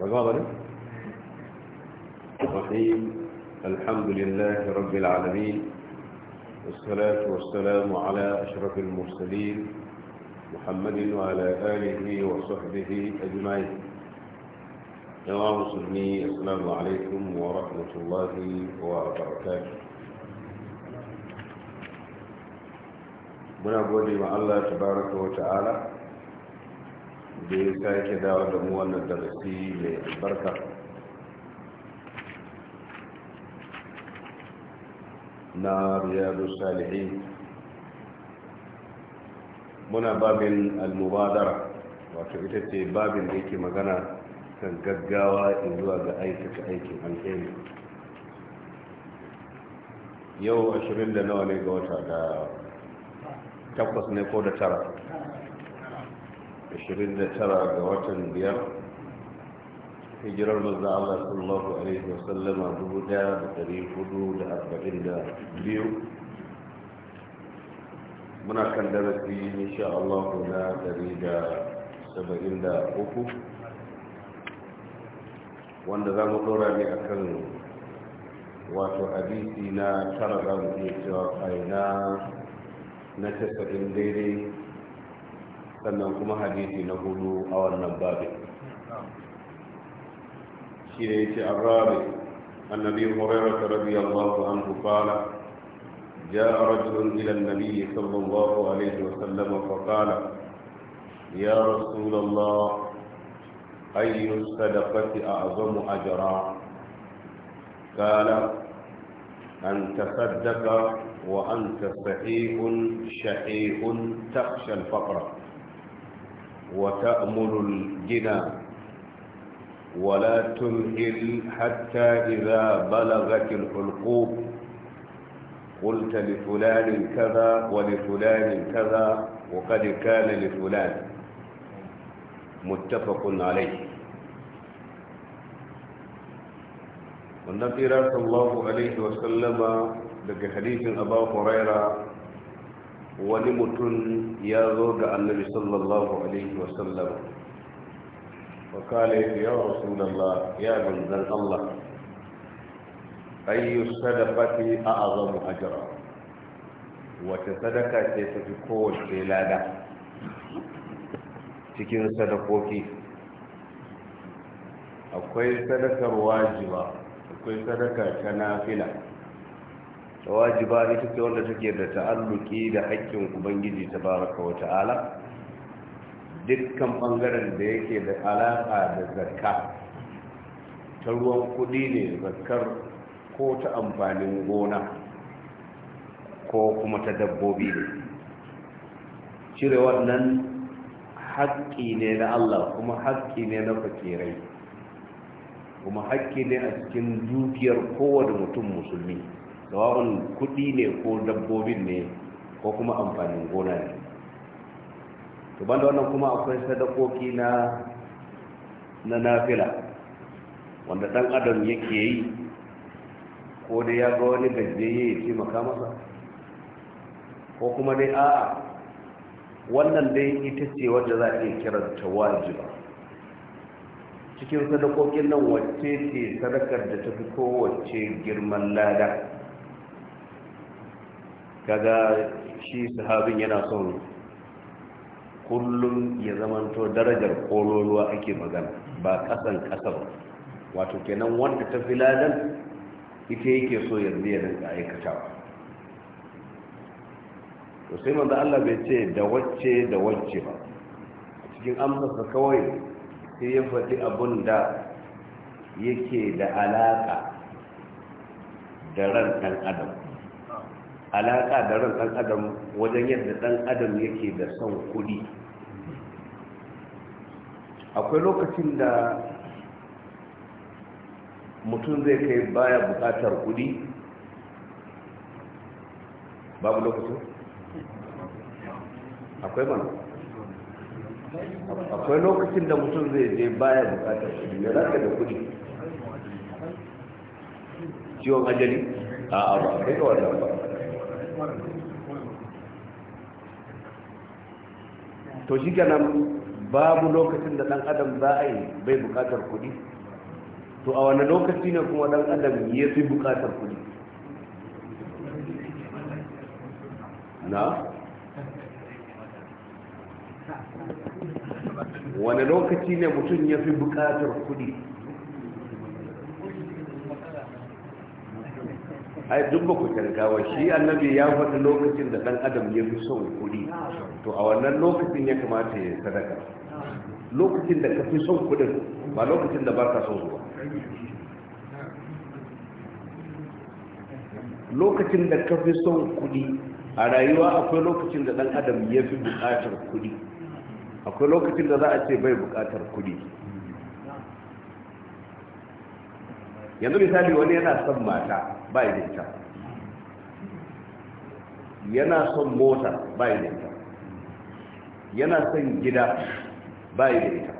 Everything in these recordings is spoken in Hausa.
وقال رحيم الحمد لله رب العالمين والصلاة والسلام على أشرف المرسلين محمد وعلى آله وصحبه أجمعين يا سبني السلام عليكم ورحمة الله وبركاته من gode مع الله تبارك وتعالى da ya sake dawo da mu wannan darasi mai albarka na riyadu salihi muna babin al-mubadara wato ita ce babin da yake magana kan gaggawa in zuwa ga aikata aikin alheri yau ashirin da nawa ne ga wata da takwas ne ko da tara 29 ga watan biyar hijirar maza Allah sallallahu alaihi wasallama 1442 muna kan darasi insha Allah na 173 wanda za mu dora ne akan wato hadisi na tara za mu iya cewa na casa'in daidai sannan kuma hadisi na hudu a wannan babin shi ne yace arabi annabi hurairah radiyallahu anhu qala جاء رجل إلى النبي صلى الله عليه وسلم فقال يا رسول الله أي الصدقة أعظم أجرا قال أن تصدق وأنت صحيح شحيح تخشى الفقر وتأمل الجنى ولا تمهل حتى إذا بلغت الحلقوب قلت لفلان كذا ولفلان كذا وقد كان لفلان متفق عليه والنبي صلى الله عليه وسلم لك حديث أبا هريرة wani mutum ya zo ga annabi sallallahu alaihi wasallam wakala ya rasulallah ya manzan allah ayyu sadaqati a'zamu ajra wata sadaka ce ta fi kowace lada cikin sadakoki akwai sadakar wajiba akwai sadaka ta nafila da wajiba ita ce wanda take da ta'alluki da haƙƙin ubangiji baraka wa ta'ala dukkan bangaren da yake da alaƙa da zakka ta ruwan kuɗi ne zakkar ko ta amfanin gona ko kuma ta dabbobi ne cire wannan haƙƙi ne na Allah kuma haƙƙi ne na fakirai kuma haƙƙi ne a cikin dukiyar kowane mutum musulmi sawa'un kuɗi ne ko dabbobin ne ko kuma amfanin gona ne to da wannan kuma akwai sadakoki na na nafila wanda ɗan adam yake yi ko dai ya ga wani gajiyayye ya taimaka makamasa? ko kuma dai a'a wannan dai ita ce wadda za a iya kiranta wajiba cikin sadakokin nan wacce ce sadakar da ta fi kowace girman lada kaga shi sahabin yana son kullum ya zamanto darajar kololuwa ake magana ba kasan kasa ba wato kenan wanda ta fi ladan ita yake so yanzu ya rinka aikatawa to sai manzo Allah bai ce da wacce da wacce ba cikin sa kawai sai ya faɗi abun da yake da alaƙa da ran ɗan adam alaƙa da ran ɗan adam wajen yadda ɗan adam yake da son kuɗi akwai lokacin da mutum zai kai baya buƙatar kuɗi babu lokacin akwai mana akwai lokacin da mutum zai je baya buƙatar kuɗi ya zaka da kuɗi ciwon ajali a abu a kai wannan ba to shi kenan babu lokacin da dan adam za a yi bai bukatar kuɗi to a wani lokaci ne kuma dan adam ya fi bukatar kuɗi na wani lokaci ne mutum ya fi bukatar kuɗi ai duk ba ku targawa shi annabi ya faɗi lokacin da ɗan adam ya fi son kuɗi to a wannan lokacin ya kamata ya sadaka lokacin da ka fi son kuɗin ba lokacin da barka son zuwa lokacin da ka fi son kuɗi a rayuwa akwai lokacin da ɗan adam ya fi buƙatar kuɗi akwai lokacin da za a ce bai buƙatar kuɗi yanzu misali wani yana son mata ba ya ita yana son mota ba ya ita yana son gida ba ya ita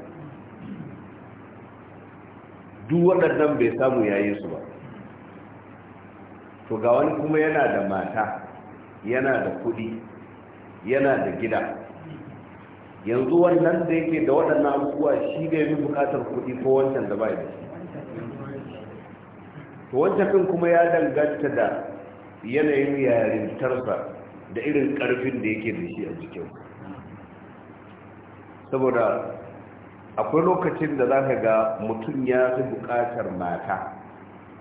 duk waɗannan bai samu yayin su ba to ga wani kuma yana da mata yana da kuɗi yana da gida yanzu wannan da yake da waɗannan abubuwa shi ne bi bukatar kuɗi ko wancan da ba ya da to wancan kuma ya danganta da yanayin yarintarsa da irin karfin da yake da shi a jikin saboda akwai lokacin da za ka ga mutum ya fi bukatar mata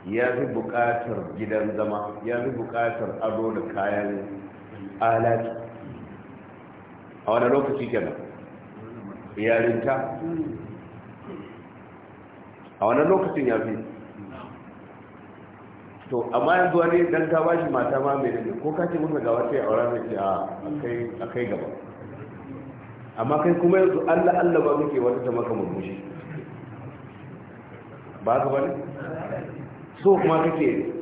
ya fi bukatar gidan zama ya fi bukatar ado da kayan alati a wani lokaci kenan yarinta a wani lokacin ya fi to amma yanzu wani dan ta bashi mata ma mai rage ko kace mun masa ga wata ya aura mai ce ah, a kai gaba amma kai kuma yanzu allah allah ba muke wata ta maka murmushi ba ka bane so kuma kake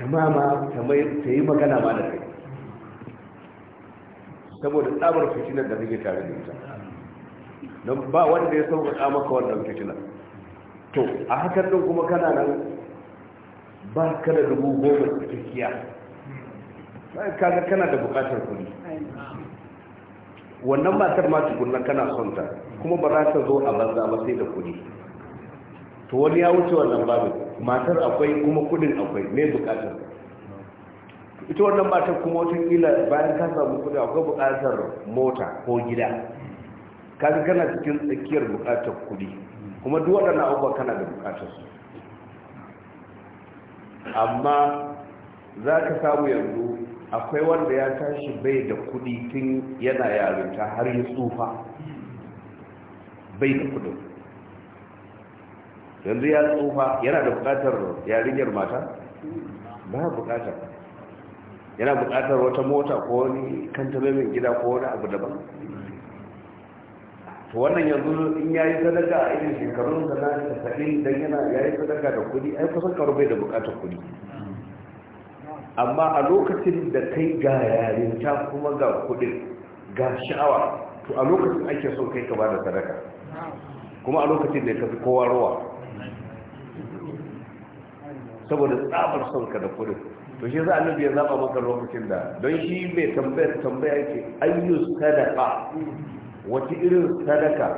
ta mai ta yi magana ma da kai saboda tsabar fitinar da kake tare da ita don ba wanda ya sauka maka wannan fitinar to a hakan din kuma kana nan ba ka da dubu goma cikakkiya kaga kana da bukatar kuɗi wannan matar ma tukunna kana son ta kuma ba za ta zo a banza ba sai da kuɗi to wani ya wuce wannan babu matar akwai kuma kuɗin akwai mai bukatar ita wannan matar kuma wata kila bayan ka samu kuɗi akwai bukatar mota ko gida kaga kana cikin tsakiyar bukatar kuɗi kuma duk waɗannan abubuwa kana da bukatar su amma za ka samu yanzu akwai wanda ya tashi bai da kudi tun yana yarinta har yi tsufa bai da kudin yanzu ya tsufa yana da bukatar yarinyar mata ba bukatar yana bukatar wata mota ko wani kanta mai gida ko wani abu daban to wannan yanzu in ya yi sadaka a irin shekarun da na tasa'in don yana ya yi sadaka da kudi ai kusan karo bai da bukatar kudi amma a lokacin da kai ga yarinta kuma ga kudi ga sha'awa to a lokacin ake so kai ka ba da sadaka kuma a lokacin da ya kafi kowa ruwa saboda tsabar son ka da kudin to shi za a nufi ya zaba maka lokacin da don shi mai tambayar tambaya ke ayyus sadaka wata irin sadaka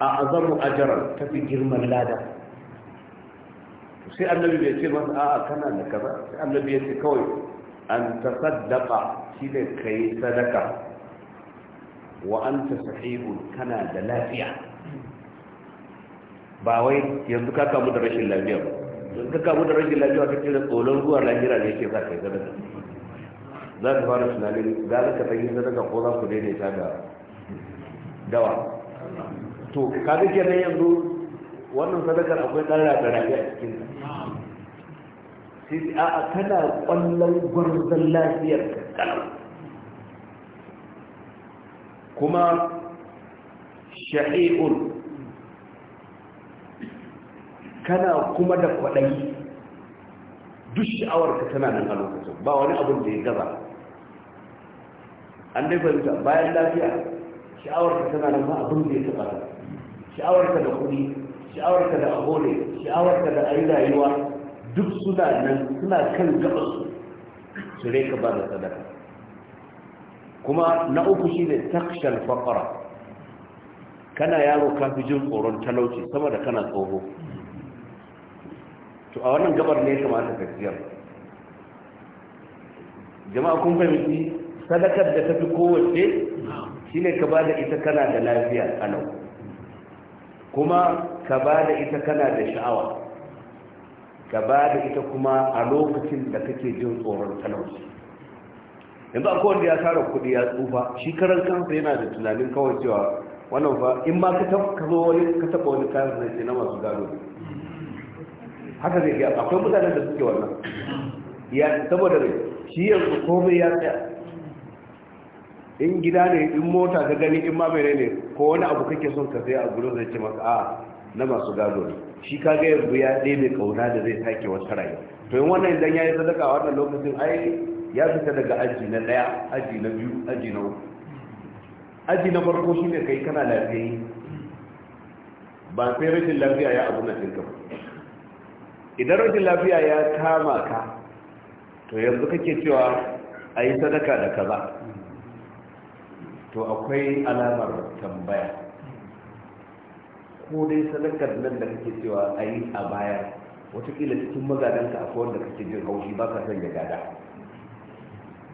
a azamu ajaran ta fi girman lada sai annabi bai ce masu a'a kana da kaza sai annabi ya ce kawai an ta sadaka shi ne ka yi sadaka wa an ta sahihun kana da lafiya ba wai yanzu ka kamu da rashin lafiya yanzu ka kamu da rashin lafiya ta ce kira tsolon zuwa lahira ne ke za ka yi sadaka za ka fara tunanin za ka ta yi sadaka ko za ku daidaita da dawa to kaga kenan yanzu wannan sadakar akwai ɗan da rabe a cikin sai a kana kwallon gwarzon lafiyar kalam kuma sha'i'ul kana kuma da kwaɗayi duk sha'awar ka tana nan a lokacin ba wani abin da ya gaza an dai fahimta bayan lafiya sha'awarka tana nan ma abin da ya taɓa ta sha'awarka da kuɗi sha'awarka da abole sha'awarka da ayi rayuwa duk suna nan suna kan gabansu su rai ka ba da sadaka kuma na uku shi ne takshal faƙara kana yaro ka fi jin tsoron talauci sama da kana tsoho to a wannan gabar ne kamata ka siyar jama'a kun fahimci sadakar da ta fi kowace ne ka ba da ita kana da lafiya alau kuma ka ba da ita kana da sha'awa ka ba da ita kuma a lokacin da kake jin tsoron talauci yanzu akwai wanda ya tara kuɗi ya tsufa shi karan kansa yana da tunanin kawai cewa wannan fa in ma ka taba wani ka wani kayan zai ce na masu gado haka zai ga akwai mutanen da suke wannan ya saboda shi yanzu komai ya tsaya in gida ne in mota ka gani in ma ne ko wani abu kake son ka sai a gurin zai ce maka a na masu gado ne shi ka ga yanzu ya mai kauna da zai sake wata rayu to yin wannan idan ya yi sadaka a wannan lokacin ai ya fita daga aji na ɗaya aji na biyu aji na uku aji na farko shi ne kai kana lafiyayi ba sai rashin lafiya ya abu na cinka ba idan rashin lafiya ya kama ka to yanzu kake cewa a yi sadaka da kaza to akwai alamar tambaya ko dai sadakar nan da kake cewa a yi a baya watakila cikin magadanka akwai wanda kake jin haushi ba ka son ya gada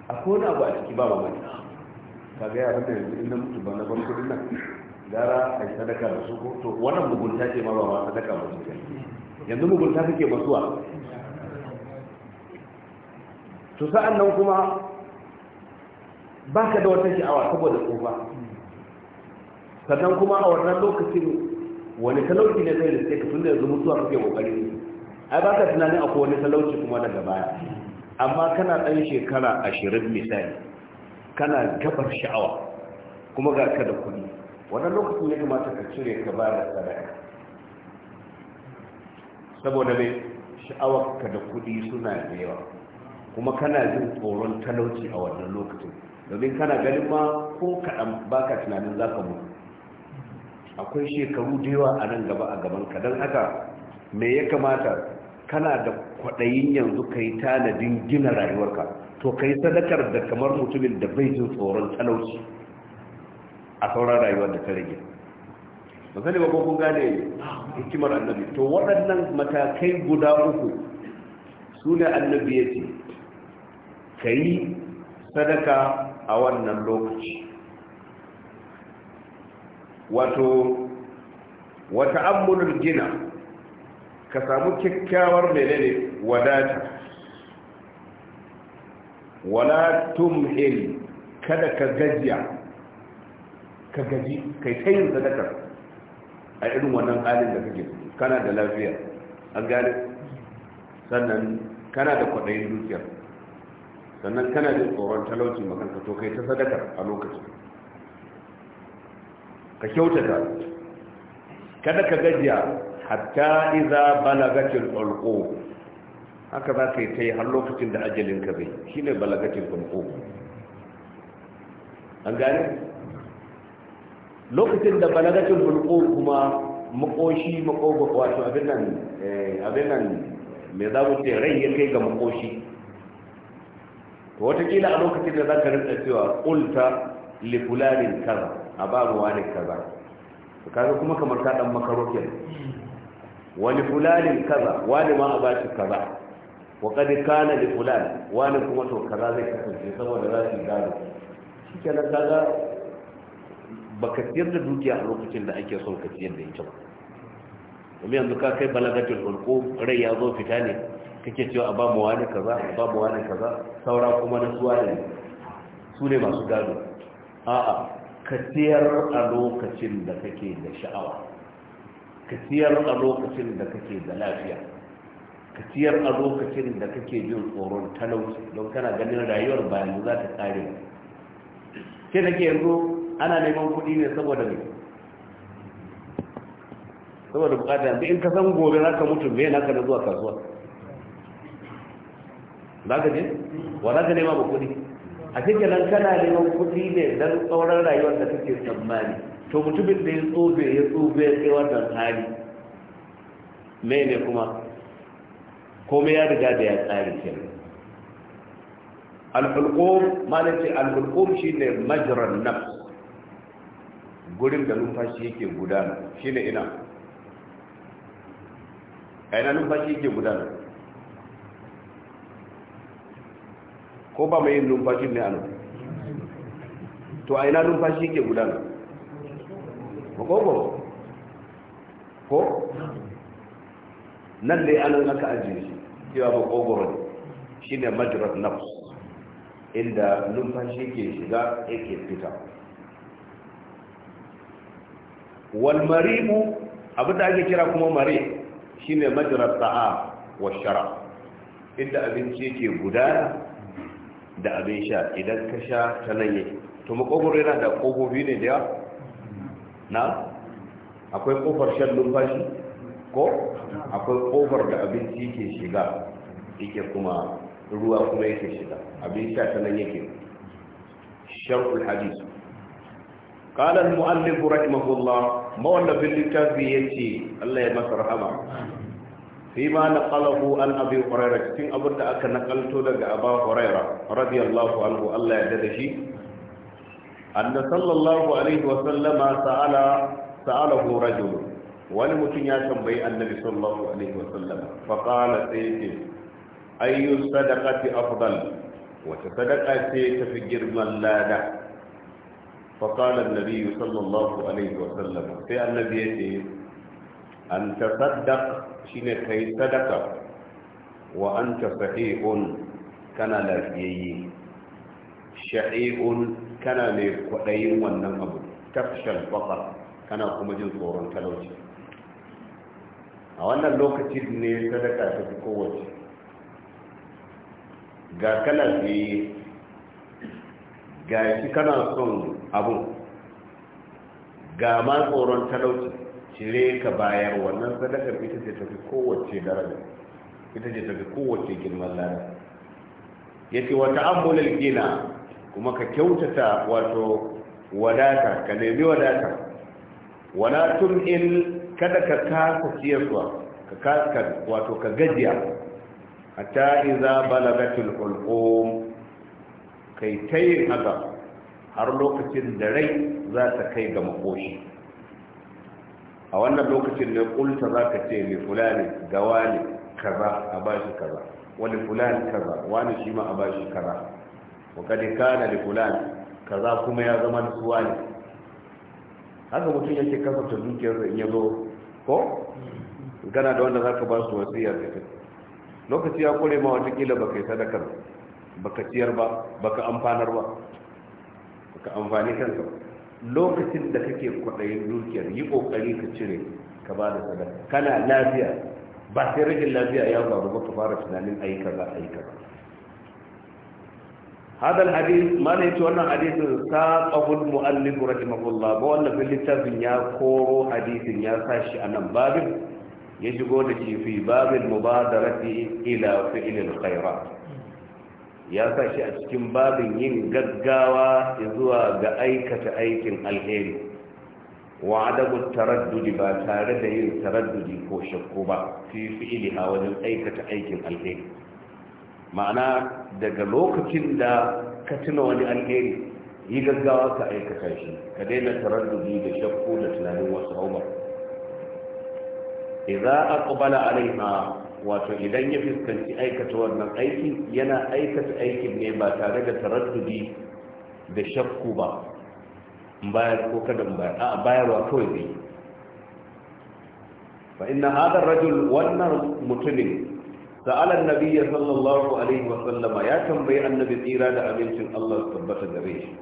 akwai wani abu a ciki ba mamaki ka ga yaran da yanzu inda mutu ba na ban kudin nan gara a yi sadaka da su to wannan mugunta ce ma ba ma sadaka ba su yanzu mugunta kake masuwa? to sa'an nan kuma ba ka da wata sha'awa saboda tsofa sannan kuma a wannan lokacin wani talauci ne zai da ka tun da yanzu mutuwa kake kokari ai ba ka tunanin akwai wani talauci kuma daga baya amma kana ɗan shekara ashirin misali kana gabar sha'awa kuma ga ka da kuɗi wannan lokacin ya kamata ka cire ka ba da sadaka saboda mai sha'awar ka da kuɗi suna da yawa kuma kana jin tsoron talauci a wannan lokacin domin kana ganin ma ko kaɗan baka tunanin za ka mutu akwai shekaru da yawa a nan gaba a gaban ka don haka me ya kamata kana da kwaɗayin yanzu ka yi tanadin gina rayuwarka to ka yi sadakar da kamar mutumin da bai jin tsoron talauci a sauran rayuwar da ta rage misali ba kun gane hikimar annabi to waɗannan matakai guda uku su ne annabi ya ce ka yi sadaka a wannan lokaci wato wata ammulul gina ka samu kyakkyawar menene wadata wala tumhil kada ka gajiya ka gaji kai ta yin sadakar a irin wannan halin da kake kana da lafiya an gane sannan kana da kwaɗayin dukiyar sannan kana da tsoron talauci makanka to kai ta sadaka a lokacin ka kyautata kada ka gajiya hatta iza balagatil ulqu haka za ka yi ta yi har lokacin da ajalin ka bai shine balagatil ulqu an gane lokacin da balagatil ulqu kuma makoshi makogwa wato abin nan eh, abin nan me za mu ce rai ya kai ga makoshi to watakila a lokacin da za ka rinka cewa li lifulanin kaza a ba wani kaza to kaga kuma kamar ka dan makarokin kenan wani fulanin kaza wani ma a ba shi kaza wa kad kana lifulan wani kuma to kaza zai kasance saboda za su gado shi kenan kaga baka siyar da dukiya a lokacin da ake son ka siyar da ita ba domin yanzu ka kai balagatul hulqum rai ya zo fita ne kake cewa a ba mu wani kaza a ba mu wani kaza saura kuma na suwa ne su ne masu gado a'a ka siyar a lokacin da kake da sha'awa ka siyar a lokacin da kake da lafiya ka siyar a lokacin da kake jin tsoron talauci don kana ganin rayuwar bayan za ta kare da ke yanzu ana neman kuɗi ne saboda ne saboda bukata in ka san gobe za ka mutu me naka na zuwa kasuwa za wa za ka nema ba kudi a cikin nan kana neman kudi ne don tsauran rayuwar da kake tsammani to mutumin da ya tsobe ya tsobe ya kai wannan hali me ne kuma komai ya riga da ya tsari ke ce malaci shi shine majran nafs gurin da numfashi yake gudana shine ina ina numfashi yake gudana ko ba mai yin numfashi ne a nan to a ina numfashi ke gudana makogoro ko nan dai anan aka ajiye shi cewa makogoro ne shi ne majirar nafs inda numfashi ke shiga yake fita walmarimu abu da ake kira kuma mare shi ne majirar sa'a wa shara inda abinci yake gudana da abin sha idan ka sha ta nan yi to makogoro yana da kogobi ne da na akwai kofar shan numfashi ko akwai kofar da abinci yake shiga yake kuma ruwa kuma yake shiga abin sha ta nan yake sharhul hadis qala al muallif rahimahullah mawallafin littafi yace Allah ya masa rahama fi ma naqalahu an abi hurairah cikin abin da aka nakalto daga aba hurairah radiyallahu anhu Allah ya dade shi anna sallallahu alaihi wa sallama sa'ala sa'alahu rajul wani mutum ya tambayi annabi sallallahu alaihi wa sallama fa qala sayyidi ayyu sadaqati afdal wace sadaqa ce fi girman lada fa qala an-nabi sallallahu alaihi wa sallama sai annabi ya ce an ne shine kai sadaka wa ta sahihun kana lafiyayye sha'i'un kana mai kwaɗayin wannan abu tafshal bakar kana kuma jin tsoron talauci a wannan lokacin ne sadaka ta fi kowace ga kana fiye ga shi kana son abu ga ma tsoron talauci cire ka bayar wannan sadakar ita ce tafi kowace daraja ita ce tafi kowace girman lada ce wata ta'ammulul gina kuma ka kyautata wato wadata ka nemi wadata wala in kada ka kasa siyarwa ka kasa wato ka gajiya hatta idza balagatul ulqum kai tayin haka har lokacin da rai za ta kai ga makoshi a wannan lokacin ne kulta za ka ce mai fulani ga wani kaza a bashi kaza wani fulani kaza wani shi ma a bashi kaza wa kadi kana da fulani kaza kuma ya zama da suwa haka mutum yake kasafta dukiyar in ya zo ko gana da wanda za ka ba su wasiyar da lokaci ya kure ma watakila baka yi sadakar ka ciyar ba ba ka amfanar ba ka amfani kansa ba lokacin da kake kwaɗayin dukiyar yi ƙoƙari ka cire ka ba da sadaka kana lafiya ba sai rage lafiya ya faru ba ka fara tunanin a yi ka ba hadal hadith mana yace wannan hadithin saqahul muallif rahimahullah ba wannan bil littafin ya koro hadithin ya sashi a nan babin ya shigo da shi fi babin mubadarati ila fi'l al-khairat ya sa shi a cikin babin yin gaggawa zuwa ga aikata aikin alheri wa adabu taraddudi ba tare da yin taraddudi ko shakku ba fi a wajen aikata aikin alheri ma'ana daga lokacin da ka tuna wani alheri yi gaggawa ka aikata shi ka daina taraddudi da shakku da tunanin wasu haumar idza aqbala alaiha wato idan ya fuskanci aikata wannan aiki yana aikata aikin ne ba tare da taraddudi da shakku ba bayar ko kada bayar a bayarwa kawai zai fa inna hadar rajul wannan mutumin sa'ala nabiyya sallallahu alaihi wa sallama ya tambayi annabi tsira da amincin Allah tabbata gare shi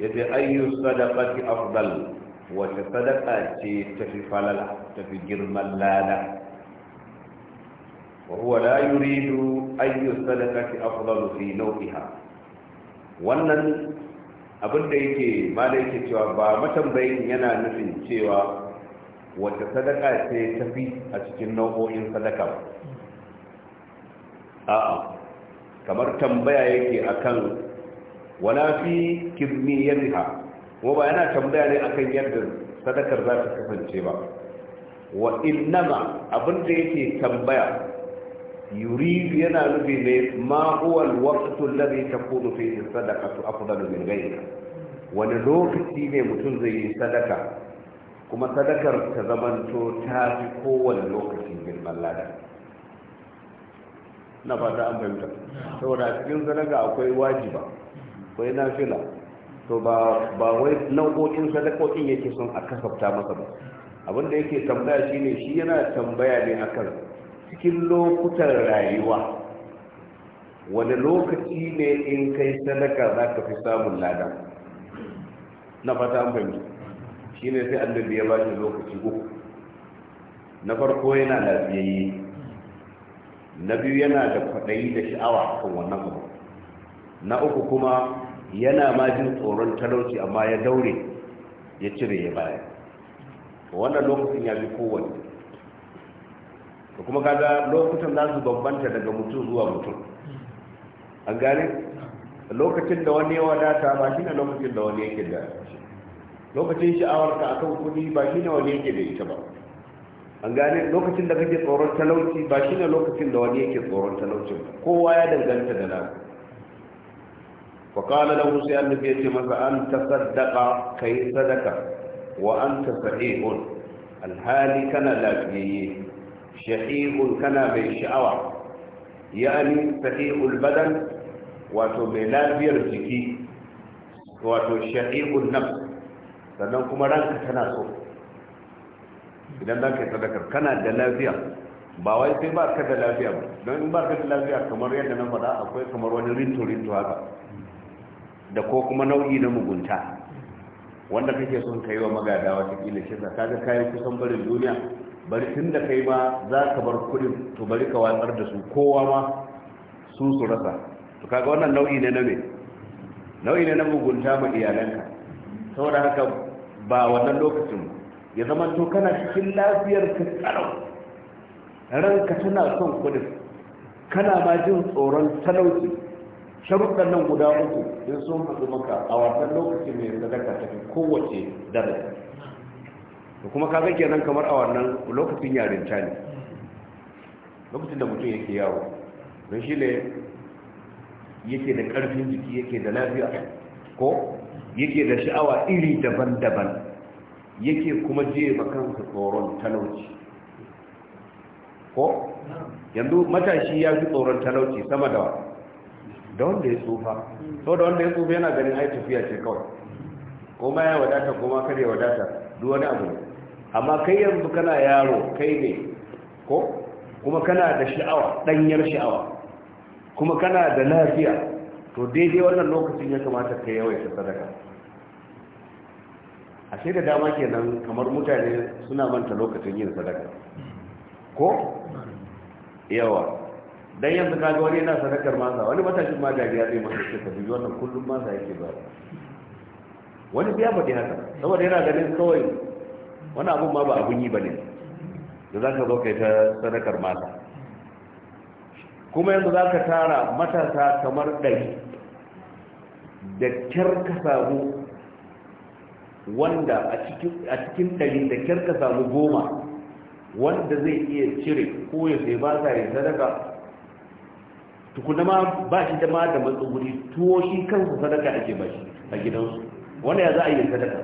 yace ayyu sadaqati afdal wace sadaka ce tafi falala tafi girman lada وهو لا يريد أي الصدقة أفضل في نوعها wannan abin da yake ma da yake cewa ba matambayin yana nufin cewa wata sadaka ce tafi a cikin nau'o'in sadaka ba a'a kamar tambaya yake akan wala fi kimiyatiha ko ba yana tambaya ne akan yadda sadakar za ta kasance ba wa innama abin da yake tambaya يريد yana nufi ne ma huwa alwaqtu alladhi takunu fihi sadaqatu afdalu min ghayriha wani lokaci ne mutum zai yi sadaka kuma sadakar ta zamanto ta fi kowane lokaci girman lada na fata an fahimta saboda a cikin sadaka akwai wajiba akwai fila. to ba wai nau'o'in sadakokin yake son a kasafta masa ba abinda yake tambaya shine shi yana tambaya ne akan cikin lokutan rayuwa wani lokaci ne in kai sadaka za ka fi samun lada na fata amfani shi ne sai annabi ya bashi lokaci uku na farko yana lafiyayye na biyu yana da kwaɗayi da sha'awa kan wannan abu na uku kuma yana ma jin tsoron talauci amma ya daure ya cire ya baya wannan lokacin ya fi kowanne to kuma kaga lokutan za su bambanta daga mutum zuwa mutum an gane lokacin da wani ya wadata ba shi ne lokacin da wani yake da shi lokacin sha'awarka akan kuɗi ba shi ne wani yake da ita ba an gane lokacin da kake tsoron talauci ba shi ne lokacin da wani yake tsoron talaucin kowa ya danganta da nan faƙala da musu sai nufi ya ce masa an ta sadaka ka yi sadaka wa an ta sahihun alhali kana lafiyayye shahihun kana mai sha'awa ya'ani sahihul badan wato mai lafiyar jiki wato shahihun nafs sannan kuma ranka tana so idan za ka yi sadakar kana da lafiya ba wai sai ba ka da lafiya ba don in ba ka da lafiya kamar yadda na faɗa akwai kamar wani rinto-rinto haka da ko kuma nau'i na mugunta wanda kake son ka yi wa magada watakila shi ka ga kayan kusan barin duniya bari tun da kai ma za ka bar kudin to bari ka watsar da su kowa ma su su rasa to kaga wannan nau'i ne na me nau'i ne na mugunta ma iyalanka saboda haka ba wannan lokacin ya zama to kana cikin lafiyar ka tsaro. ranka tana son kudin kana ma jin tsoron talauci sharuɗan nan guda uku in sun haɗu maka a wasan lokaci mai sadaka tafi kowace daraja to kuma ka zai kenan kamar a wannan lokacin yarinta ne lokacin da mutum yake yawo don shi ne yake da ƙarfin jiki yake da lafiya ko yake da sha'awa iri daban-daban yake kuma je makansa tsoron talauci ko yanzu matashi ya fi tsoron talauci sama da da wanda ya tsufa so da wanda ya tsufa yana ganin ai tafiya ce kawai ko ma ya wadata ko ma kare wadata duwane abu abu amma kai yanzu kana yaro kai ne ko kuma kana da sha'awa ɗanyar sha'awa kuma kana da lafiya to daidai wannan lokacin ya kamata ka yawaita sadaka a sai da dama kenan kamar mutane suna manta lokacin yin sadaka ko yawa dan yanzu ka ga wani yana sadakar masa wani matashin ma ya zai masa shi ka wannan kullum masa yake ba wani biya ya faɗi haka saboda yana ganin kawai wani abun ma ba abun yi ba ne da za ka zo kai ta sadakar mata kuma yanzu za ka tara matasa kamar ɗari da kyar ka samu wanda a cikin ɗari da kyar ka samu goma wanda zai iya cire ko ya sai ba sa yin sadaka tukuna ma ba shi da ma da matsuguri tuwo shi kansu sadaka ake ba shi a gidansu wanda ya za a yi sadaka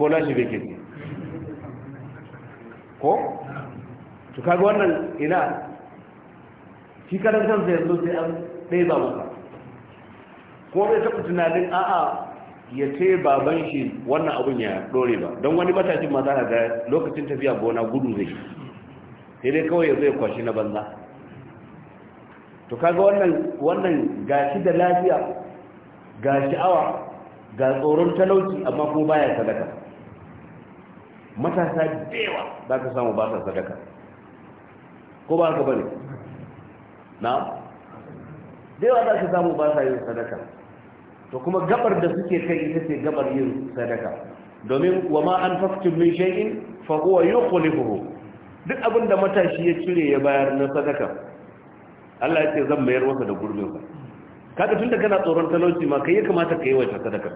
ko nashi bai kirki ko to kaga wannan ina shi karan kansa yanzu sai an ba masa ko bai taɓa tunanin a'a ya ce baban shi wannan abun ya dore ba don wani matashin maza ga lokacin tafiya gona gudu zai sai dai kawai ya zai kwashi na banza to kaga wannan wannan gashi da lafiya ga sha'awa ga tsoron talauci amma kuma baya sadaka matasa dewa za ka samu ba sadaka ko ba ka bane na dewa za ka samu ba sa yin sadaka to kuma gabar da suke kai ita ce gabar yin sadaka domin wa ma an faktin min shay'in fa huwa yuqlibuhu duk abin da matashi ya cire ya bayar na sadaka Allah ya ce zan mayar masa da gurbin kaga tunda kana tsoron talauci ma kai ya kamata ka yi wa sadaka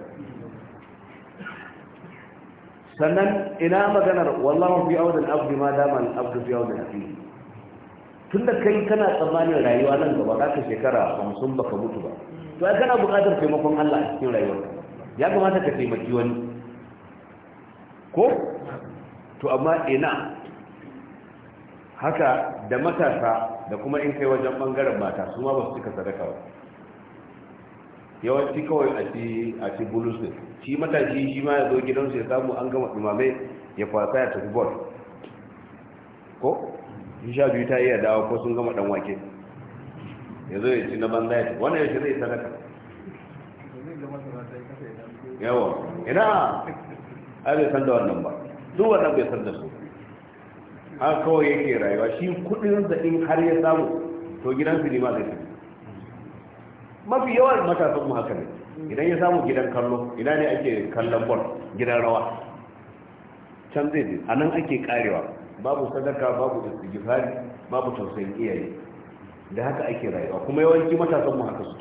sannan ina maganar wallahu fi awdal abdi ma dama al abdu fi awdal abdi tunda kai kana tsammanin rayuwa nan gaba za ka shekara 50 baka mutu ba to ai kana buƙatar taimakon Allah a cikin rayuwarka ya kamata ka taimaki wani ko to amma ina haka da matasa da kuma in kai wajen bangaren mata su ma ba su cika sadaka ba yawanci kawai a ci a ci bulus ne shi matashi shi ma ya zo gidan su ya samu an gama imamai ya kwasa ya tafi bol ko shi sha biyu ta iya dawo ko sun gama dan wake ya zo ya ci na banza ya ci wannan ya ci zai sadaka yawa ina a bai san da wannan ba duk wannan bai san da su har kawai yake rayuwa shi kudin zaɗin har ya samu to gidan su ne ma zai tafi mafi yawan matasan mu haka ne idan ya samu gidan kallo ina ne ake kallon bol gidan rawa can zai je anan ake karewa babu sadaka babu istighfari babu tausayin iyaye da haka ake rayuwa kuma yawanci matasan mu haka su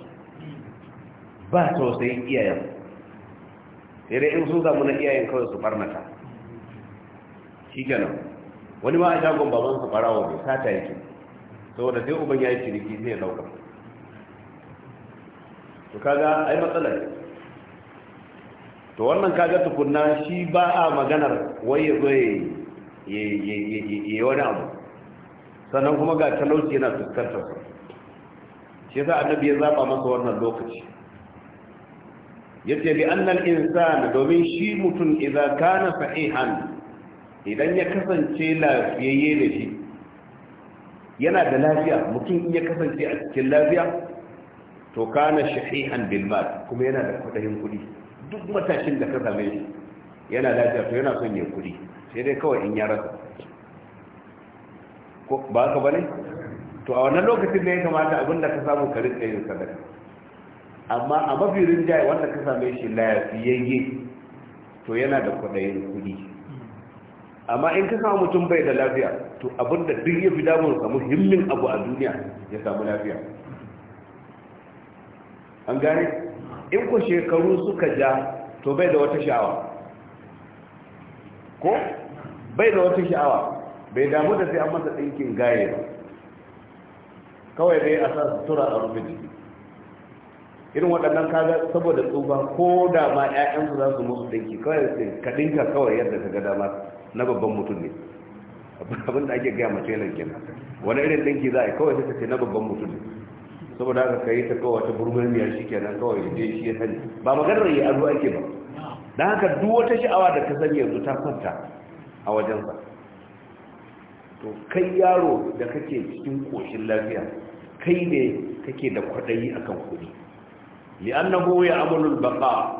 ba tausayin iyayen sai dai in sun zamu na iyayen kawai su barnata shi kenan wani ma a shagon baban su farawa bai sata yake saboda sai uban ya yi ciniki zai dauka to kaga ai matsala to wannan kaga tukunna shi ba a maganar waye ye ya ye ye wani abu sannan kuma ga talauci yana fuskantar su shi yasa annabi ya zaba masa wannan lokaci yace bi annal insana domin shi mutum idza kana sahihan idan ya kasance lafiyayye da shi yana da lafiya mutum in ya kasance a cikin lafiya to kana shahihan bil mal kuma yana da kudin kudi duk matashin da ka same shi yana lafiya to yana son yin kudi sai dai kawai in ya rasa ko ba ka bane to a wannan lokacin ne ya kamata abin da ka samu ka rinka yin sadaka amma a mafi rinjaye wanda ka same shi lafiyayye to yana da kudayin kudi amma in ka samu mutum bai da lafiya to abinda da duk ya fi damun ka muhimmin abu a duniya ya samu lafiya an gane in ku shekaru suka ja to bai da wata sha'awa ko bai da wata sha'awa bai damu da sai an masa ɗinkin gaye ba kawai bai a sa sutura a rufe jiki irin waɗannan kaga saboda tsufa ko da ma 'ya'yansu za su musu ɗinki kawai sai ka ɗinka kawai yadda ka ga dama na babban mutum ne abin da ake gaya mace nan kenan wani irin ɗinki za a yi kawai sai ka ce na babban mutum ne saboda haka kai ta kawai wata shi kenan kawai je shi ya sani ba maganar yi azu ake ba don haka duk wata sha'awa da ka sani yanzu ta kwanta a wajensa to kai yaro da kake cikin koshin lafiya kai ne kake da kwadayi akan kuɗi li'annahu ya'malu al-baqa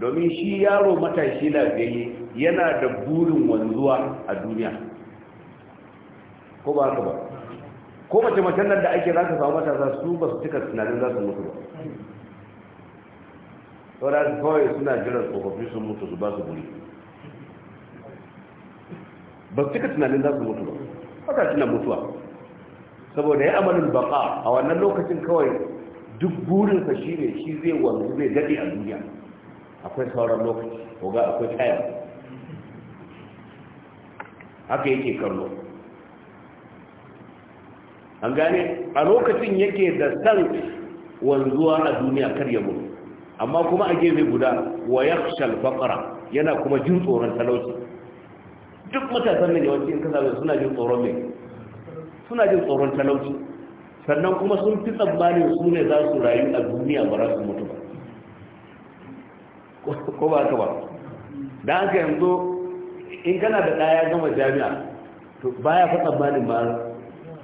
domin shi yaro matashi lafiyayye yana da burin wanzuwa a duniya ko ba ka ba ko mace macen nan da ake za ka samu matasa su ba su cika tunanin za su mutu ba da kawai suna jiran tsofaffi sun mutu su ba su buri, ba su cika tunanin za su mutu ba haka suna mutuwa saboda ya amalin baka a wannan lokacin kawai duk burinsa shi ne shi zai wanzu zai daɗe a duniya akwai sauran lokaci ko ga akwai kayan haka yake kallo an gane a lokacin yake da san wanzuwa a duniya kar ya mutu amma kuma a gefe guda wa yakhshal faqra yana kuma jin tsoron talauci duk matasan nan yawanci in kasa suna jin tsoron me suna jin tsoron talauci sannan kuma sun fi tsammanin su ne za su rayu a duniya ba za su mutu ba ko ba ka ba da haka yanzu in kana da ɗaya gama jami'a to baya fa tsammanin ba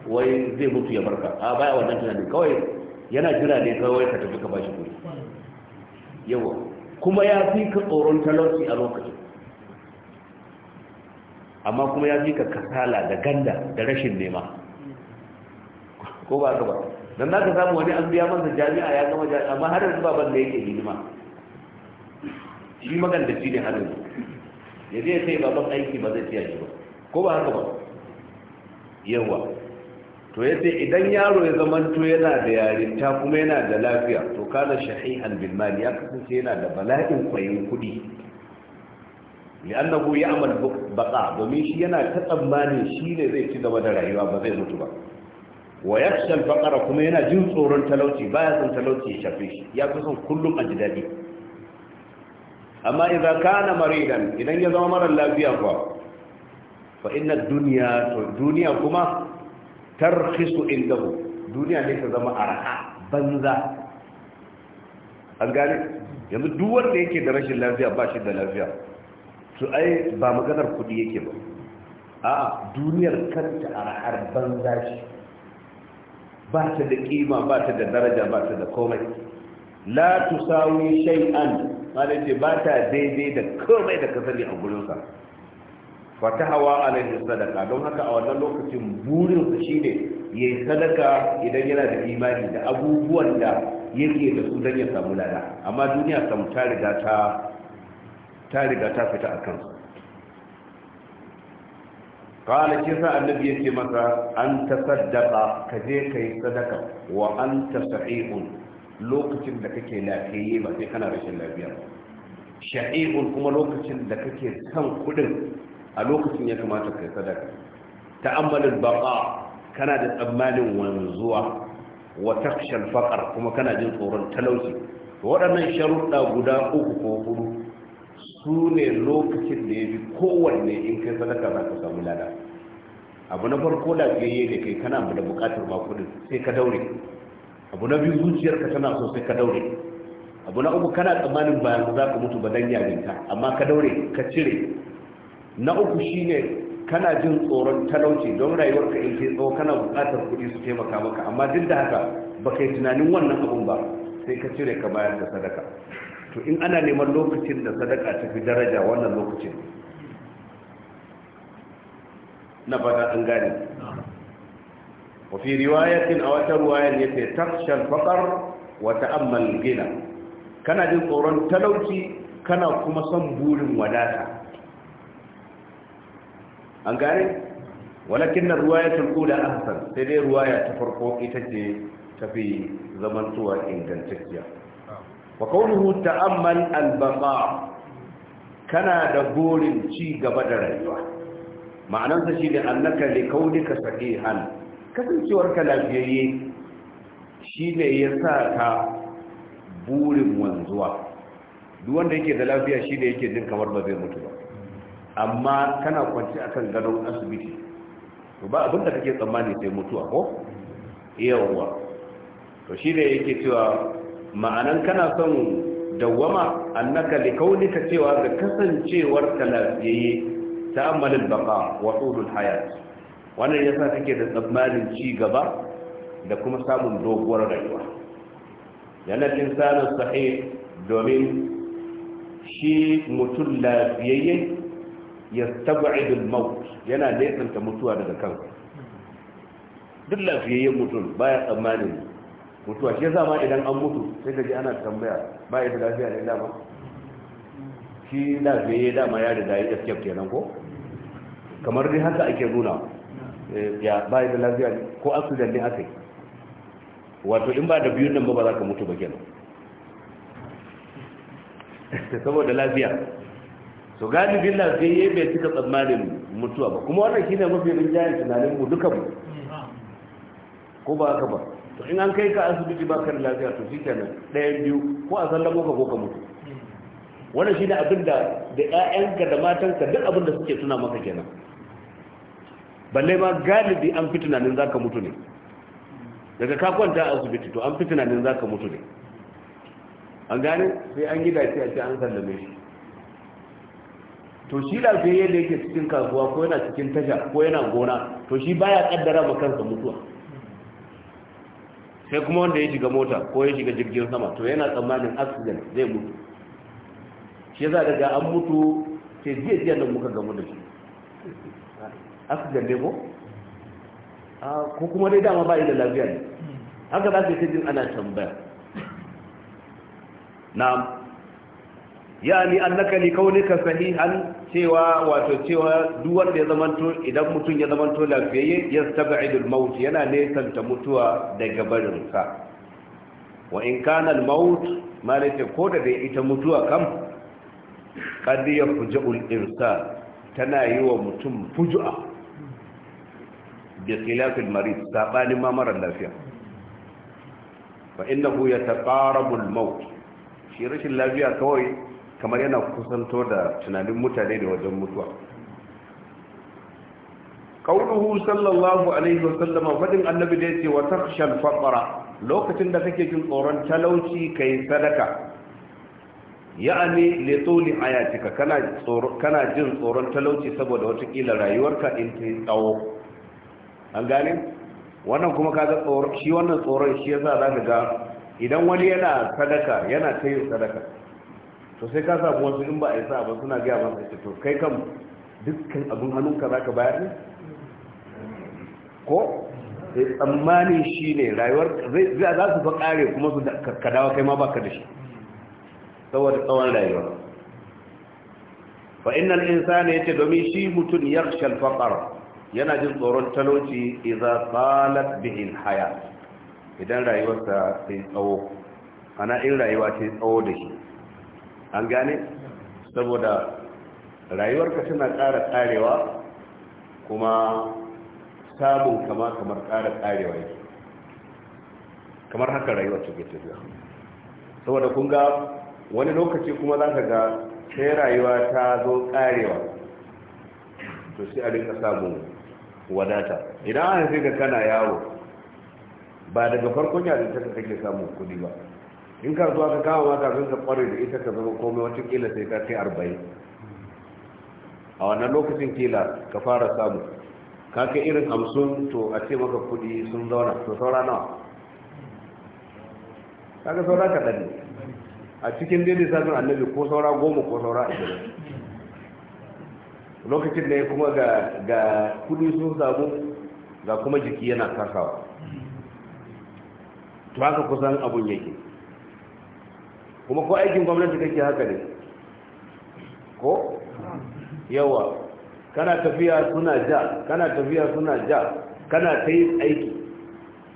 wai zai mutu ya barka a baya wannan tunanin kawai yana jira ne kawai ka tafi ka bashi kuɗi yawa kuma ya fi ka tsoron talauci a lokacin amma kuma ya fi ka kasala da ganda da rashin nema ko ba ka ba don za ka samu wani an biya masa jami'a ya gama jami'a amma har yanzu baban da yake hidima shi maganda shi ne hannun ya zai sai baban aiki ba zai siya shi ba ko ba haka ba yawa to yadda idan yaro ya zamanto yana da yarinta kuma yana da lafiya to kana shahihan bil mali ya kasance yana da bala'in kwayin kudi li'annahu ya'mal baqa domin shi yana ta tsammani shi ne zai ci gaba da rayuwa ba zai mutu ba wa yakhsha al kuma yana jin tsoron talauci baya son talauci ya shafe shi ya fi son kullum a ji daɗi amma idan kana maridan idan ya zama mara lafiya fa fa inna dunya to duniya kuma tarkhisu indahu duniya ne ta zama arha banza an gane yanzu duk wanda yake da rashin lafiya ba shi da lafiya su ai ba maganar kudi yake ba a duniyar kanta arhar banza shi ba ta da kima ba ta da daraja ba ta da komai la tusawi shay'an malai ba ta daidai da komai da kasali a gurinsa ta hawa alaihi sadaka don haka a wannan lokacin burinsa shine yayi yi sadaka idan yana da imani da abubuwan da yake da su don ya samu lada amma duniya kam ta riga ta ta riga ta fita a kansa kala ce sa annabi ya masa an ta saddaka ka je ka yi sadaka wa an ta sa'ihun lokacin da kake lafiyayye ba sai kana rashin lafiya sha'ihun kuma lokacin da kake kan kudin a lokacin ya kamata kai sadaka ta'ammalin baqa kana da tsammanin wanzuwa wa takshal faqar kuma kana jin tsoron talauci waɗannan sharuɗa guda uku ko huɗu su ne lokacin da ya fi kowanne in kai sadaka za ka samu lada abu na farko da lafiyayye da kai kana da buƙatar ba kuɗin sai ka daure abu na biyu zuciyarka tana so sai ka daure abu na uku kana tsammanin ba za ka mutu ba dan yarinta amma ka daure ka cire na uku shine kana jin tsoron talauci don rayuwarka in ke tsawo kana buƙatar kuɗi su taimaka maka amma duk da haka ba ka yi tunanin wannan abun ba sai ka cire ka bayar da sadaka to in ana neman lokacin da sadaka ta fi daraja wannan lokacin na fata an gane wafi riwayatin a wata ruwayar ya ce tafshal fakar wata ammal gina kana jin tsoron talauci kana kuma son burin wadata an gane walakin na kuda a hasan sai dai ruwaya ta farko ita ce ta fi zamantowa ingantacciya wa kaunuhu ta'ammal albaba kana da burin ci gaba da rayuwa ma'anansa shi ne annaka li kaunika Kasancewar ka lafiyayye shi ne ya sa ka burin wanzuwa duk wanda yake da lafiya shi ne yake jin kamar ba zai mutu ba amma kana kwanci kan gadon asibiti to ba abinda kake tsammani sai mutuwa ko yawwa to shi da yake cewa ma'anan kana son dawwama annaka likaunika cewa ga kasancewar ka lafiyayye ta amalin baka wa tsulul hayat wannan yasa kake da tsammanin ci gaba da kuma samun doguwar rayuwa yana sanin sahih domin shi mutum lafiyayye yastab'idul maut yana laifinta mutuwa daga kansa duk lafiyayyen mutum baya tsammanin mutuwa shi ya zama idan an mutu sai da ji ana tambaya ba ya da lafiya ne dama shi lafiyayye dama ya riga ya escape kenan ko kamar dai haka ake nuna eh, ya ba ya da lafiya ko accident ne aka yi wato in ba da biyun nan ba ba za ka mutu ba kenan saboda lafiya to galibin lafiyayye bai cika tsammanin mutuwa ba kuma wannan shine mafi rinjayen tunanin mu duka mu ko ba haka ba to in an kai ka asibiti ba ka da lafiya to shi kenan ɗaya biyu ko a sallamo ka ko ka mutu wannan shine abin da da ƴaƴanka da matanka duk abin da suke tuna maka kenan balle ma galibi an fi tunanin zaka mutu ne daga ka kwanta a asibiti to an fi tunanin zaka mutu ne an gane sai an gida sai a ce an sallame shi to shi lafiyayye da yake cikin kasuwa ko yana cikin tasha ko yana gona to shi baya kaddara ma kansa mutuwa sai kuma wanda ya shiga mota ko ya shiga jirgin sama to yana tsammanin accident zai mutu shi yasa daga an mutu sai jiya jiya nan muka gamu da shi accident ne ko ah, ko kuma dai dama bai da lafiya ne haka za su yi jin ana tambaya na'am yani annaka li kaunika sahihan cewa wato cewa duk wanda ya zamanto idan mutum ya zamanto lafiyayye yastab'idul maut yana nesanta mutuwa daga barin sa wa in kana al maut malaka ko da dai ita mutuwa kam kad yafju'ul insan tana yi wa mutum fujua bi khilafil marid sabanin ma mara lafiya fa innahu yataqarabul maut shi rashin lafiya kawai kamar yana kusanto da tunanin mutane da wajen mutuwa kauluhu sallallahu alaihi wasallama fadin annabi da yace wa takhshal faqra lokacin da kake jin tsoron talauci kai sadaka ya'ani li tuli hayatika kana tsoro kana jin tsoron talauci saboda wata kila rayuwarka in ta tsawo an gane wannan kuma kaga tsoro shi wannan tsoron shi yasa zaka ga idan wani yana sadaka yana ta yin sadaka to sai ka samu wasu in ba a yi sa ba suna gaya ba sai to kai kan dukkan abin hannunka za ka bayar ne ko sai tsammanin shi ne rayuwar za su fa kare kuma su ka dawo kai ma ba ka da shi saboda tsawon rayuwa fa innal insani yace domin shi mutun yakhshal faqar yana jin tsoron talauci idza talat bihi haya idan rayuwarsa sai tsawo ana in rayuwa sai tsawo da shi an gane saboda rayuwarka tana ƙara ƙarewa kuma samun kama kamar ƙara ƙarewa yake kamar haka rayuwar ta take tafiya saboda kun ga wani lokaci kuma za ka ga sai rayuwa ta zo ƙarewa to sai a rika samun wadata idan an haife ka kana yawo ba daga farkon yadda ta kake samun kuɗi ba in zuwa ka kama mata sun ka kware da ita ka zama komai wata kila sai ka kai arba'in a wannan lokacin kila ka fara samu ka kai irin hamsin to a ce maka kudi sun zauna to saura nawa ga saura ka ɗani a cikin daidai sabon annabi ko saura goma ko saura ashirin lokacin da ya kuma ga kudi sun samu ga kuma jiki yana kasawa to haka kusan abun yake kuma ko aikin gwamnati kake haka ne ko yawa kana tafiya suna ja kana tafiya suna ja kana ta yi aiki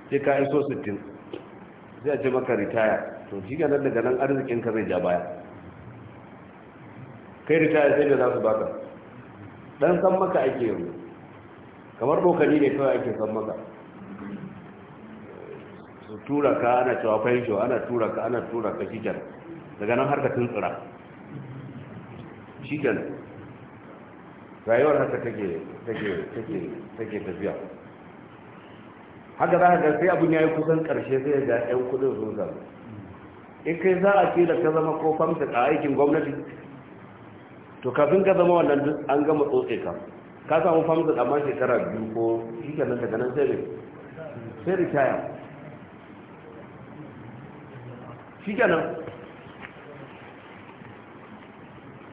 sai ka iso 60 zai ce maka ritaya to shi nan daga nan arzikin ka zai ja baya kai ritaya sai da za su baka dan san maka ake yi kamar dokani ne kawai ake san maka su tura ka ana cewa fahimsho ana tura ka ana tura ka shi daga nan har ka tsira. shi kenan rayuwar haka take tafiya haka za a ga sai abin ya yi kusan karshe sai ga 'yan kudin sun in kai za a ke da ka zama ko famta a aikin gwamnati to kafin ka zama wannan duk an gama tsotse ka ka samu famta amma shekara biyu ko shi nan daga nan sai sai ritaya shi nan.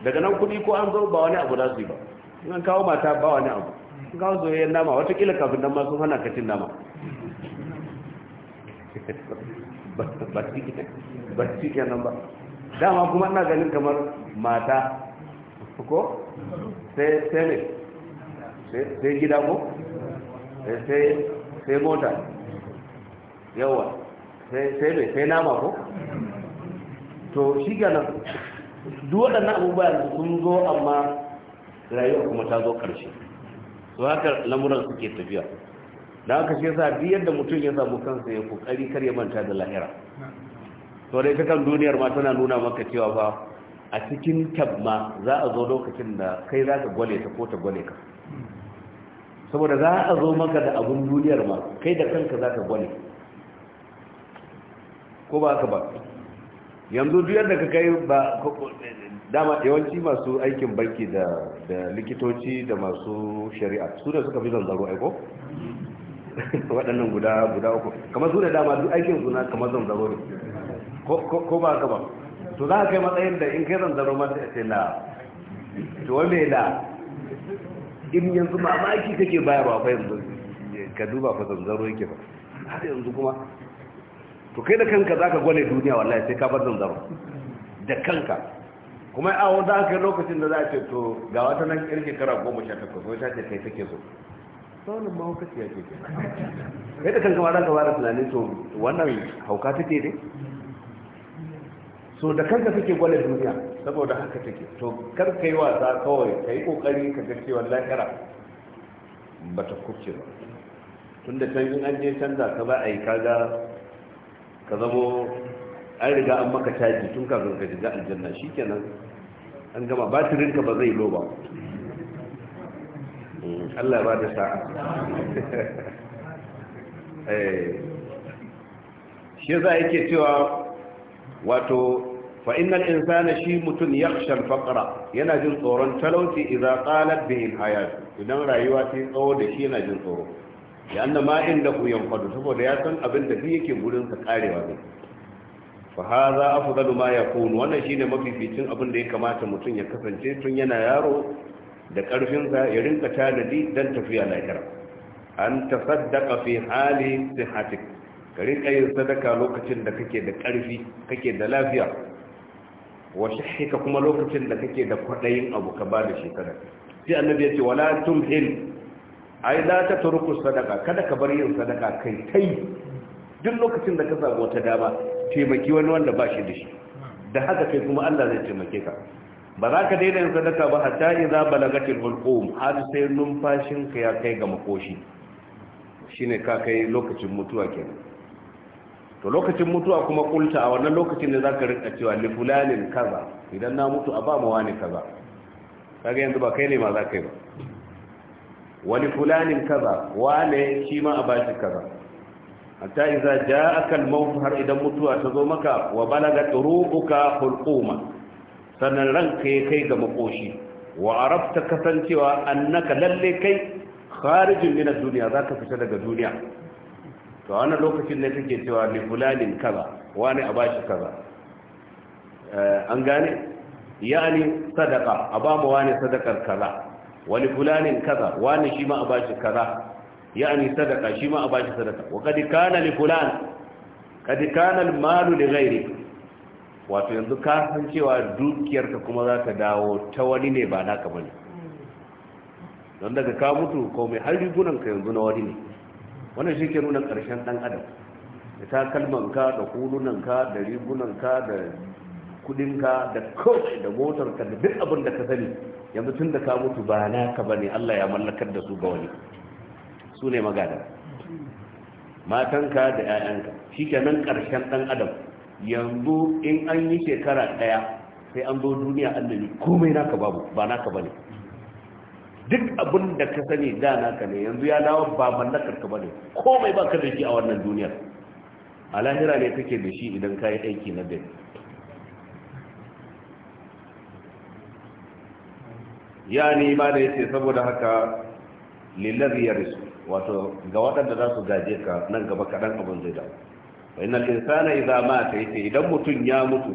daga nan kuɗi ko an zo ba wani abu da su yi ba an kawo mata ba wani abu in kawo soyayyen nama watakila kafin nan ma sun hana ka nama ba ci kenan ba dama kuma ina ganin kamar mata ko sai ne sai gida ko sai mota yawa sai ne sai nama ko to shi ganin duk waɗannan abubuwa yanzu sun zo amma rayuwa kuma ta zo ƙarshe su haka lamuran suke tafiya da aka ce sa duk yadda mutum ya samu kansa ya kokari kar ya manta da lahira to dai ta kan duniyar ma tana nuna maka cewa fa a cikin tabma za a zo lokacin da kai za ka gwale ta ko ta gwale ka saboda za a zo maka da abun duniyar ma kai da kanka za ka gwale ko ba ka ba yanzu duk yadda ka kai ba dama yawanci masu aikin banki da likitoci da masu shari'a su da suka fi zanzaro aiko waɗannan guda guda uku kamar su da dama duk aikin suna kamar zanzaro ne ko ba ka ba to za ka kai matsayin da in kai zanzaro ma sai ce la to wani la in yanzu mamaki kake bayarwa ba yanzu ka duba fa zanzaro yake ba har yanzu kuma to kai da kanka za ka gwale duniya wallahi sai ka bar zanzaro da kanka kuma a wanda aka yi lokacin da za a ce to ga wata nan yar shekara goma sha takwas wani sha kai take so saunin ma hauka ce yake kai da kanka ma za ka da tunanin to wannan hauka take ne so da kanka take gwale duniya saboda haka take to kar ka yi wasa kawai ka yi kokari ka ga cewa lakara ba ta kuce ba tunda can in an je canza ka ba a yi kaga ka zamo an riga an maka caji tun kafin ka shiga aljanna shikenan an gama batirin ka ba zai lo ba hmm, Allah ba da sa'a eh, shi za ke cewa wato fa innal insana shi mutum ya al fakara yana jin tsoron talauci idza qalat bihi idan rayuwa ta tsawo da shi yana jin tsoro ya da ma inda ku fadu saboda ya san abin da duk yake gurin sa karewa ne fa hadha afdalu ma yakun wannan shine mafificin abin da ya kamata mutum ya kasance tun yana yaro da karfin sa ya rinka tanadi dan tafiya lahira an tasaddaqa fi hali sihatik ka rinka yin sadaka lokacin da kake da karfi kake da lafiya wa ka kuma lokacin da kake da kwadayin abu ka ba da shi sai annabi ya ce wala tumhil ai la ta turku sadaka kada ka bar yin sadaka kai kai duk lokacin da ka samu wata dama taimaki wani wanda ba shi da shi da haka kai kuma Allah zai taimake ka ba za ka daina yin sadaka ba hatta idza balagatil hulqum har sai numfashin ka ya kai ga makoshi shine ka kai lokacin mutuwa kenan to lokacin mutuwa kuma kulta a wannan lokacin ne zaka rinka cewa li fulanin kaza idan na mutu a ba mu wani kaza kage yanzu ba kai ne ma za kai ba wani fulanin kaza wane shi ma a bashi kaza hatta iza ja'aka al-maut har idan mutuwa ta zo maka wa balaga turuka hulquma sannan ranka ya kai ga makoshi wa arabta kasancewa annaka lalle kai kharijin min ad-dunya zaka fita daga duniya to a wannan lokacin ne take cewa ni fulanin kaza wani a bashi kaza eh, an gane yani sadaka a ba mu wani sadakar kaza wani fulanin kaza wani shi ma a bashi kaza Ya'ani sadaka shi ma a bashi sadaka wa kad kana li fulan kad kana al malu li ghairi wato yanzu ka san cewa dukiyarka kuma za ta dawo ta wani ne ba naka bane don daga ka mutu ko mai har rigunan ka yanzu na wani ne wannan shi ke nuna karshen dan adam da kalman ka da hulunan ka da rigunan ka da kudin ka da kawai da motar ka da duk abin da ka sani yanzu tun da ka mutu ba na ba bane Allah ya mallakar da su ga wani su ne magana matanka da 'ya'yanka shikenan karshen ɗan adam yanzu in an yi shekara ɗaya sai an zo duniya annabi komai naka babu ba naka bane duk abin da ka sani da naka ne yanzu ya dawo ba mallakar ka bane komai ba ka da shi a wannan duniyar a lahira ne kake da shi idan ka yi aiki na bai ya ni ba da yace saboda haka ya yarisu wato ga waɗanda za su gaje ka nan gaba kaɗan abin zai dawo wa innal insana idza mata yace idan mutum ya mutu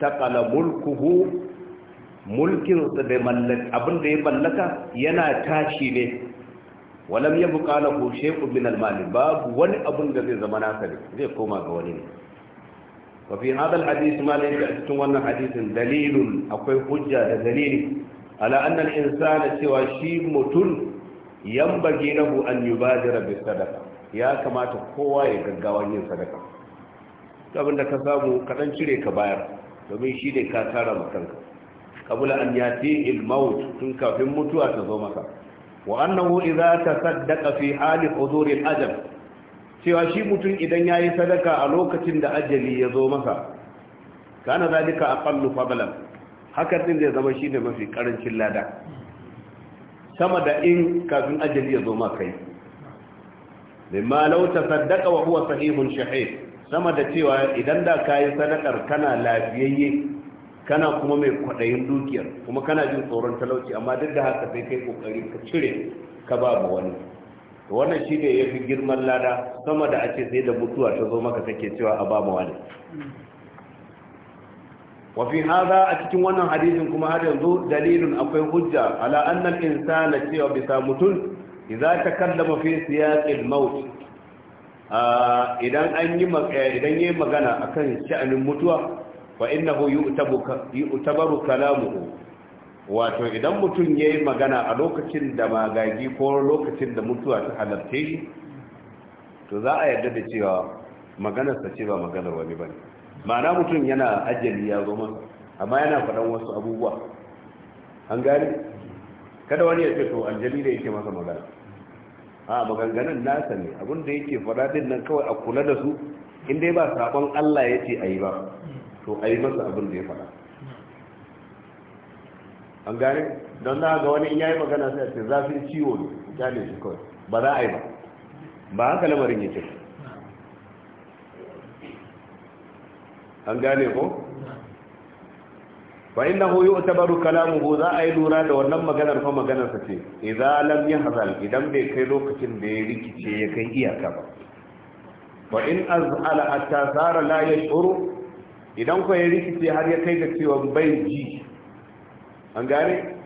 taqala mulkuhu mulkin sa da mallaka abin da ya mallaka yana tashi ne walam yabqa lahu shay'un min al-mal babu wani abin da zai zama nasa ne zai koma ga wani ne wa fi hadha al-hadith ma laysa cikin wannan hadisin dalilun akwai hujja da dalili ala annal insana cewa shi mutum yambage lahu an yubadira bi sadaqa ya kamata kowa ya gaggawa yin sadaka abin da ka samu kaɗan cire ka bayar domin shi ne ka tara makanka kabula an yati il maut tun kafin mutuwa ta zo maka wa annahu idza tasaddaqa fi hali huduri al ajal cewa shi mutum idan yayi sadaka a lokacin da ajali ya zo maka kana zalika aqallu fadlan haka din zai zama shine mafi karancin lada sama da in kafin ajali ya zo ma kai mimma law tasaddaqa wa huwa sahihun shahih sama da cewa idan da kayi sadakar kana lafiyayye kana kuma mai kwaɗayin dukiyar kuma kana jin tsoron talauci amma duk da haka sai kai kokari ka cire ka ba ba wani wannan shi ne ya fi girman lada sama da ake sai da mutuwa ta zo maka take cewa a ba ma wani wafi haza a cikin wannan hadisin kuma har yanzu dalilin akwai hujja ala annal insana cewa bisa mutum idza takallama fi siyaqil maut idan an yi eh, idan yayi magana akan sha'anin mutuwa fa innahu yu'tabaru kalamuhu wato idan mutum yayi magana a lokacin da magagi ko lokacin da mutuwa ta halarce shi to za a yarda da cewa maganarsa ce ba maganar wani bane ma'ana mutum yana ajali ya zo masa amma yana faɗan wasu abubuwa an gane kada wani ya ce to aljali da yake masa magana a maganganun nasa ne abin da yake faɗa din nan kawai a kula da su in dai ba sabon Allah ya ce a yi ba to a yi masa abin da ya faɗa an gane don na ga wani in yayi magana sai a ce zafin ciwo ne mutane shi kawai ba za a yi ba ba haka lamarin yake ba an gane ko fa innahu yu'tabaru kalamuhu za a yi lura da wannan maganar fa maganar sa ce idza lam yahzal idan bai kai lokacin da ya rikice ya kai iyaka ba wa in az'ala hatta sara la yash'uru idan ko ya rikice har ya kai ga cewa bai ji an gane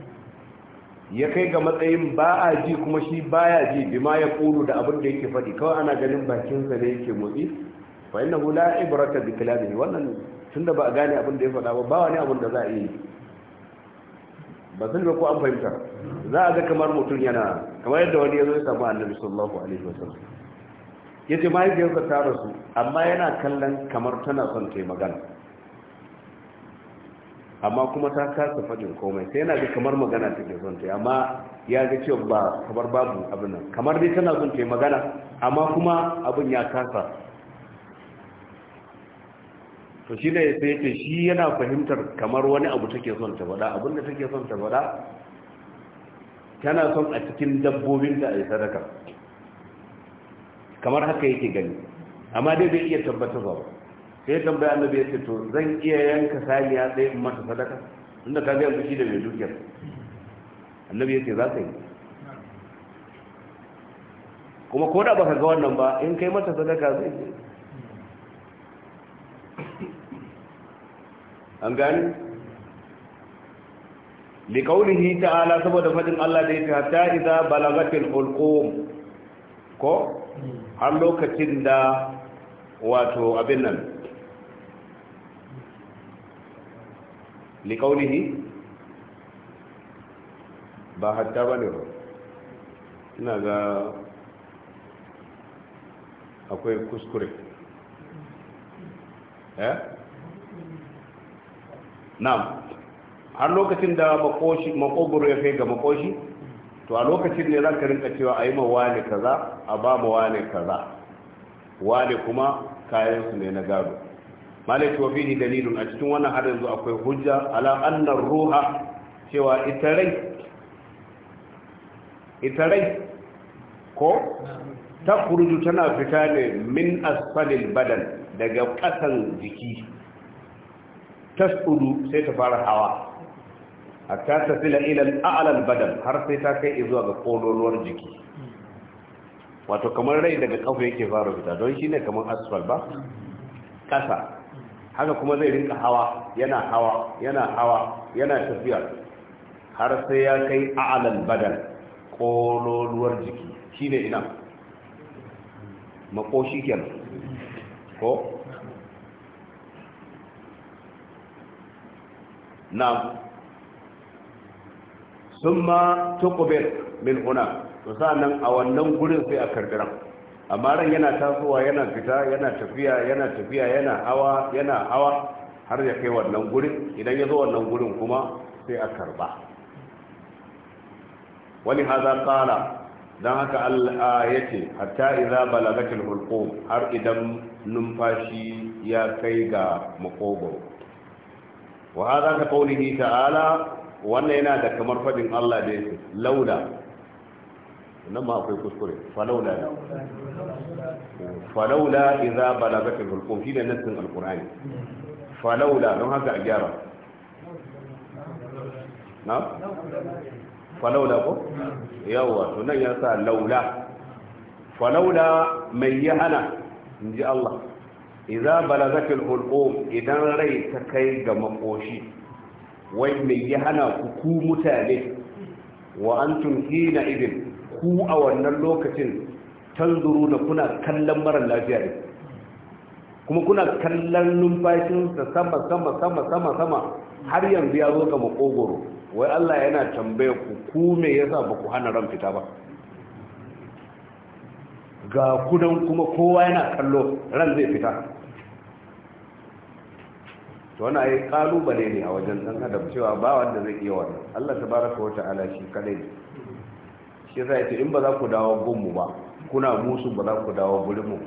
ya kai ga matsayin ba a ji kuma shi baya ji bima ya kuru da abin da yake faɗi kawai ana ganin bakinsa ne yake motsi fa hu la ibrata bi kalamihi wannan tunda ba a gane abin da ya faɗa ba ba wani abin da za a yi ba zan ko an fahimta za a ga kamar mutum yana kamar yadda wani ya zo ya samu annabi sallallahu alaihi wasallam ya ce mahaifiyarsa ta rasu amma yana kallon kamar tana son ta yi magana amma kuma ta kasa fadin komai sai yana ga kamar magana take son ta yi amma ya ga cewa ba kamar babu abin nan kamar dai tana son ta yi magana amma kuma abin ya kasa to shi ne sai ce shi yana fahimtar kamar wani abu take son ta faɗa abinda take son ta faɗa tana son a cikin dabbobin da a yi sadaka kamar haka yake gani amma dai bai iya tabbatar ba sai tambaya annabi ya ce to zan iya yanka saniya sai in mata sadaka inda ka ga shi da mai dukiyar annabi ya ce za ka yi kuma ko da baka ga wannan ba in kai mata sadaka zai je an gani liƙaunihi ta'ala saboda faɗin Allah da yake hatta idza balagatil ulqum ko har lokacin da wato abin nan liƙaunihi ba hatta bane ba ina ga akwai kuskure eh na'am har lokacin da makoshi makoburu ya kai ga makoshi to a lokacin ne zaka rinka cewa ayi ma wani kaza a ba ma wani kaza wani kuma kayan su ne na gado malaki wa fihi dalilun a cikin wannan har yanzu akwai hujja ala anna ruha cewa ita rai ko ta kuruju tana fita ne min asfalil badan daga kasan jiki tas'udu sai ta fara hawa a ta fila ila a'alan al-badal har sai ta kai zuwa ga kololuwar jiki wato kamar rai daga kafa yake fara fita don shine kamar asfal ba kasa haka kuma zai rinka hawa yana hawa yana hawa yana tafiya har sai ya kai a'lan badal kololuwar jiki shine ina makoshi kenan ko نعم summa tuqbir من هنا to nan a wannan gurin sai a karkira yana tasowa yana fita yana tafiya yana tafiya yana hawa yana hawa har ya kai wannan gurin idan ya zo wannan gurin kuma sai a karba wani haza kala don haka Allah ya ce hatta iza balagatul hulqum har idan numfashi ya kai ga makogoro wa hada ka qawlihi ta'ala wannan yana da kamar faɗin Allah da yake nan ma akwai kuskure falaula falaula idza balaghat al-qulub shi ne nassin al-qur'ani falaula don haka a gyara na falaula ko ya sa mai yi hana in ji Allah idza balagatil hulqum idan rai ta kai ga makoshi wai me ya hana ku ku mutane wa antum hina idin ku a wannan lokacin tanzuru na kuna kallon mara lafiya ne kuma kuna kallon numfashinsa sama sama sama sama sama har yanzu ya zo ga makogoro wai Allah yana tambaye ku ku me yasa ba ku hana ran fita ba ga kudan kuma kowa yana kallo ran zai fita to wani ayi kalubale ne a wajen dan adam cewa ba wanda zai iya wannan Allah tabaraka wa ta'ala shi kadai shi sai ce in ba za ku dawo gunmu ba kuna musu ba za ku dawo gurinmu? mu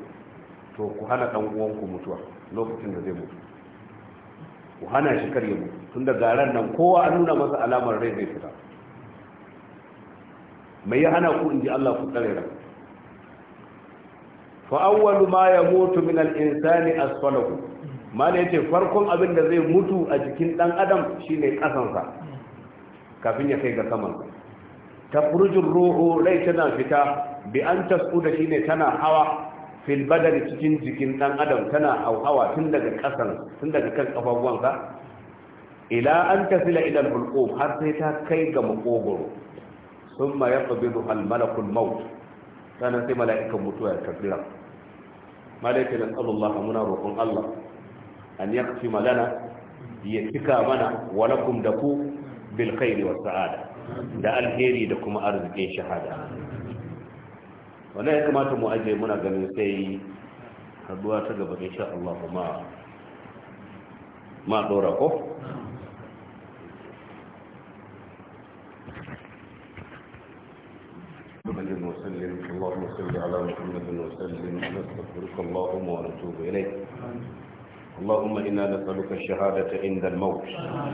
to ku hana dan uwan ku mutuwa lokacin da zai mutu ku hana shi kar mu. tun da garan nan kowa an nuna masa alamar rai zai fita mai ya hana ku in ji Allah ku tsare ran fa awwalu ma yamutu min al-insani asfalahu mana yace farkon abin da zai mutu a jikin dan adam shine kasansa kafin ya kai ga saman ta furjin ruhu rai tana fita bi an shi shine tana hawa fil badal cikin jikin dan adam tana hawa tun daga kasan tun daga kan ila an tasila ila al har sai ta kai ga makogoro ya yaqbidu al-malakul maut sannan sai mala'ikan mutuwa ya karbi malaika na tsallallah muna roƙon Allah an ya kafi malana ya cika mana walakum da ku bil khairi was sa'ada da alheri da kuma arzikin shahada wannan ya kamata mu aje muna ganin sai haduwa ta gaba insha Allah kuma ma dora ko محمد وسلم اللهم صل على محمد وسلم نستغفرك اللهم ونتوب إليك اللهم إنا نسألك الشهادة عند الموت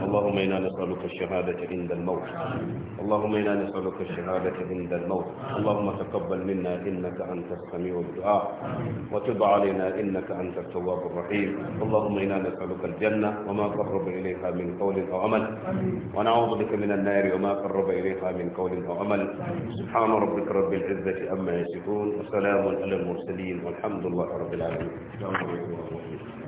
اللهم إنا نسألك الشهادة عند الموت اللهم إنا نسألك الشهادة عند الموت اللهم تقبل منا إنك أنت السميع الدعاء وتب علينا إنك أنت التواب الرحيم اللهم إنا نسألك الجنة وما قرب إليها من قول أو عمل ونعوذ بك من النار وما قرب إليها من قول أو عمل سبحان ربك رب العزة أما يصفون وسلام على المرسلين والحمد لله رب العالمين